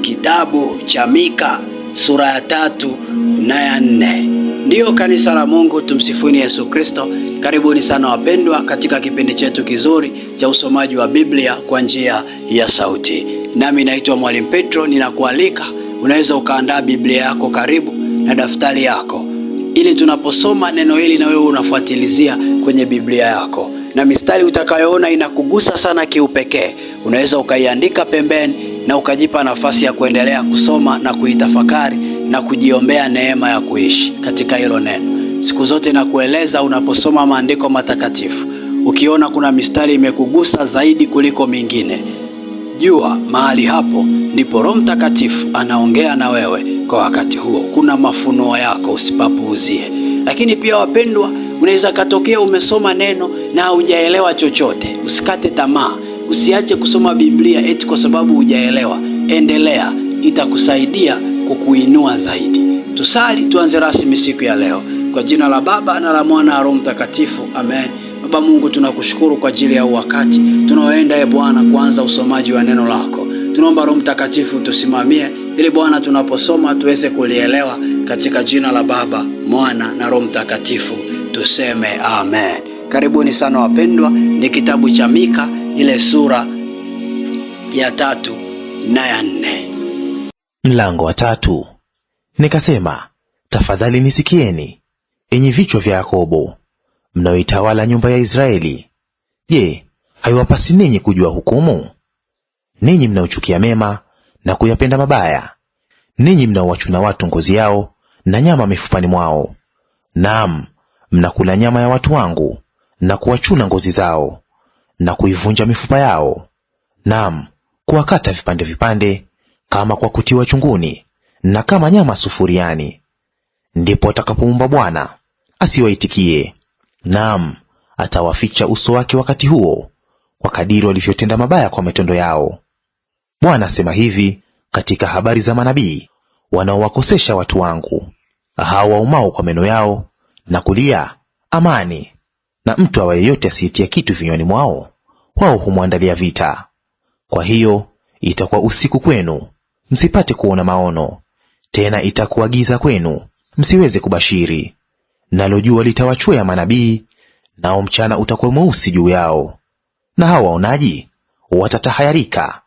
kitabu cha Mika sura ya tatu na ya nne. Ndiyo kanisa la Mungu, tumsifuni Yesu Kristo. Karibuni sana wapendwa, katika kipindi chetu kizuri cha usomaji wa Biblia kwa njia ya sauti. Nami naitwa Mwalimu Petro, ninakualika unaweza ukaandaa Biblia yako karibu na daftari yako, ili tunaposoma neno hili na wewe unafuatilizia kwenye Biblia yako, na mistari utakayoona inakugusa sana kiupekee, unaweza ukaiandika pembeni na ukajipa nafasi ya kuendelea kusoma na kuitafakari na kujiombea neema ya kuishi katika hilo neno. Siku zote na kueleza, unaposoma maandiko matakatifu, ukiona kuna mistari imekugusa zaidi kuliko mingine, jua mahali hapo ndipo Roho Mtakatifu anaongea na wewe kwa wakati huo, kuna mafunuo yako, usipapuuzie. Lakini pia wapendwa, unaweza katokea umesoma neno na haujaelewa chochote, usikate tamaa. Usiache kusoma Biblia eti kwa sababu hujaelewa. Endelea, itakusaidia kukuinua zaidi. Tusali, tuanze rasmi siku ya leo kwa jina la Baba na la Mwana na Roho Mtakatifu, amen. Baba Mungu, tunakushukuru kwa ajili ya wakati tunaoenda, e Bwana, kuanza usomaji wa neno lako. Tunaomba Roho Mtakatifu tusimamie, ili Bwana, tunaposoma tuweze kulielewa, katika jina la Baba, Mwana na Roho Mtakatifu tuseme amen. Karibuni sana wapendwa, ni kitabu cha Mika ile sura ya tatu na ya nne. Mlango wa tatu. Nikasema, tafadhali nisikieni, enyi vichwa vya Yakobo, mnaoitawala nyumba ya Israeli. Je, haiwapasi ninyi kujua hukumu? Ninyi mnaochukia mema na kuyapenda mabaya, ninyi mnaowachuna watu ngozi yao na nyama mifupani mwao, naam mnakula nyama ya watu wangu na kuwachuna ngozi zao na kuivunja mifupa yao, naam, kuwakata vipande vipande, kama kwa kutiwa chunguni na kama nyama sufuriani. Ndipo atakapoumba Bwana asiwaitikie, naam, atawaficha uso wake wakati huo, kwa kadiri walivyotenda mabaya kwa matendo yao. Bwana asema hivi katika habari za manabii wanaowakosesha watu wangu, hao waumao kwa meno yao na kulia amani, na mtu awa yeyote asiyetia kitu vinywani mwao, wao humwandalia vita. Kwa hiyo itakuwa usiku kwenu, msipate kuona maono; tena itakuwa giza kwenu, msiweze kubashiri. Nalo jua litawachwea manabii, nao mchana utakuwa mweusi juu yao. Na hao waonaji watatahayarika,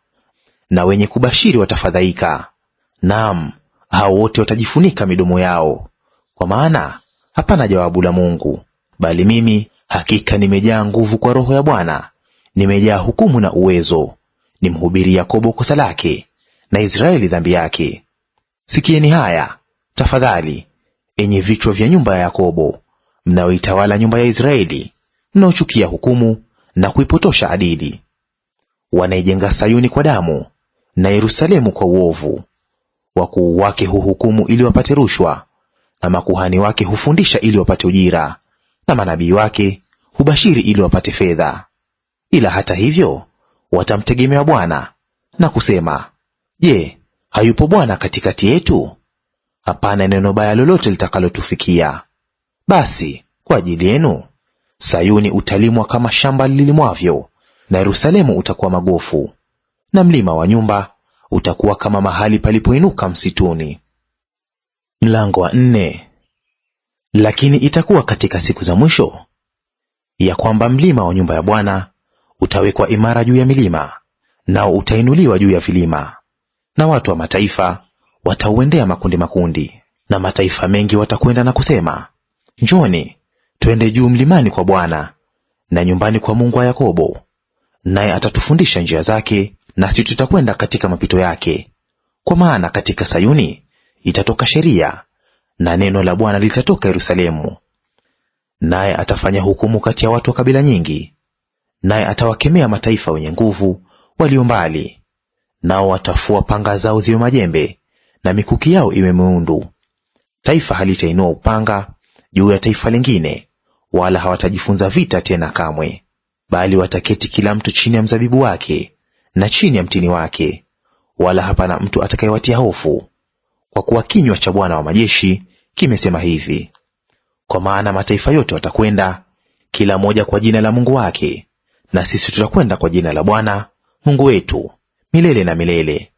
na wenye kubashiri watafadhaika. Naam, hao wote watajifunika midomo yao, kwa maana hapana jawabu la Mungu. Bali mimi Hakika nimejaa nguvu kwa Roho ya Bwana, nimejaa hukumu na uwezo. Nimhubiri Yakobo kosa lake na Israeli dhambi yake. Sikieni haya tafadhali, enye vichwa vya nyumba ya Yakobo, mnaoitawala nyumba ya Israeli, mnaochukia hukumu na kuipotosha adili. Wanaijenga Sayuni kwa damu na Yerusalemu kwa uovu. Wakuu wake huhukumu ili wapate rushwa, na makuhani wake hufundisha ili wapate ujira, na manabii wake hubashiri ili wapate fedha. Ila hata hivyo watamtegemea Bwana na kusema, Je, hayupo Bwana katikati yetu? Hapana neno baya lolote litakalotufikia. Basi kwa ajili yenu Sayuni utalimwa kama shamba lilimwavyo, na Yerusalemu utakuwa magofu, na mlima wa nyumba utakuwa kama mahali palipoinuka msituni. Mlango wa nne. Lakini itakuwa katika siku za mwisho ya kwamba mlima wa nyumba ya Bwana utawekwa imara juu ya milima, nao utainuliwa juu ya vilima, na watu wa mataifa watauendea makundi makundi, na mataifa mengi watakwenda na kusema, njoni twende juu mlimani kwa Bwana na nyumbani kwa Mungu wa Yakobo, naye atatufundisha njia zake, nasi tutakwenda katika mapito yake. Kwa maana katika Sayuni itatoka sheria na neno la Bwana litatoka Yerusalemu naye atafanya hukumu kati ya watu wa kabila nyingi, naye atawakemea mataifa wenye nguvu walio mbali, nao watafua panga zao ziwe majembe na mikuki yao iwe miundu. Taifa halitainua upanga juu ya taifa lingine, wala hawatajifunza vita tena kamwe, bali wataketi kila mtu chini ya mzabibu wake na chini ya mtini wake, wala hapana mtu atakayewatia hofu, kwa kuwa kinywa cha Bwana wa majeshi kimesema hivi. Kwa maana mataifa yote watakwenda kila moja kwa jina la mungu wake, na sisi tutakwenda kwa jina la Bwana Mungu wetu milele na milele.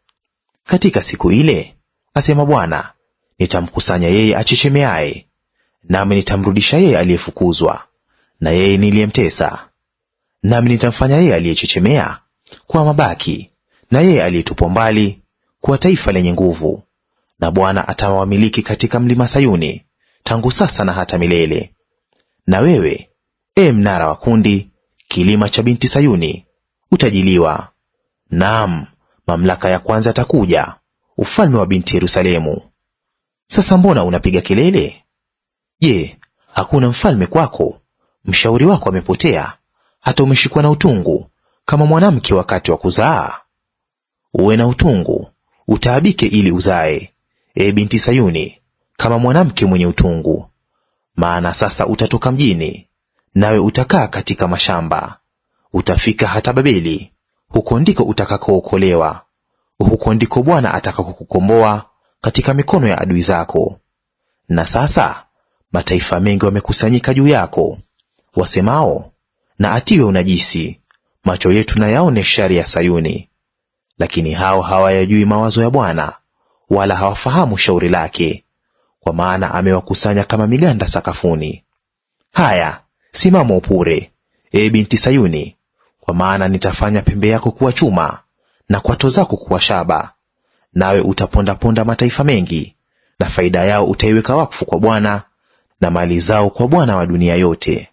Katika siku ile, asema Bwana, nitamkusanya yeye achechemeaye, nami nitamrudisha yeye aliyefukuzwa na yeye niliyemtesa, nami nitamfanya yeye aliyechechemea kuwa mabaki, na yeye aliyetupwa mbali kuwa taifa lenye nguvu. Na Bwana atawamiliki katika mlima Sayuni, tangu sasa na hata milele. Na wewe, e mnara wa kundi, kilima cha binti Sayuni, utajiliwa; naam, mamlaka ya kwanza atakuja, ufalme wa binti Yerusalemu. Sasa mbona unapiga kelele? Je, hakuna mfalme kwako? Mshauri wako amepotea, hata umeshikwa na utungu kama mwanamke wakati wa kuzaa. Uwe na utungu, utaabike ili uzae, e binti Sayuni, kama mwanamke mwenye utungu. Maana sasa utatoka mjini, nawe utakaa katika mashamba, utafika hata Babeli, huko ndiko utakakookolewa, huko ndiko Bwana atakakokukomboa katika mikono ya adui zako. Na sasa mataifa mengi wamekusanyika juu yako, wasemao, na atiwe unajisi, macho yetu na yaone shari ya Sayuni. Lakini hao hawayajui mawazo ya Bwana, wala hawafahamu shauri lake, kwa maana amewakusanya kama miganda sakafuni. Haya, simama upure, e binti Sayuni, kwa maana nitafanya pembe yako kuwa chuma na kwato zako kuwa shaba, nawe utapondaponda mataifa mengi, na faida yao utaiweka wakfu kwa Bwana na mali zao kwa Bwana wa dunia yote.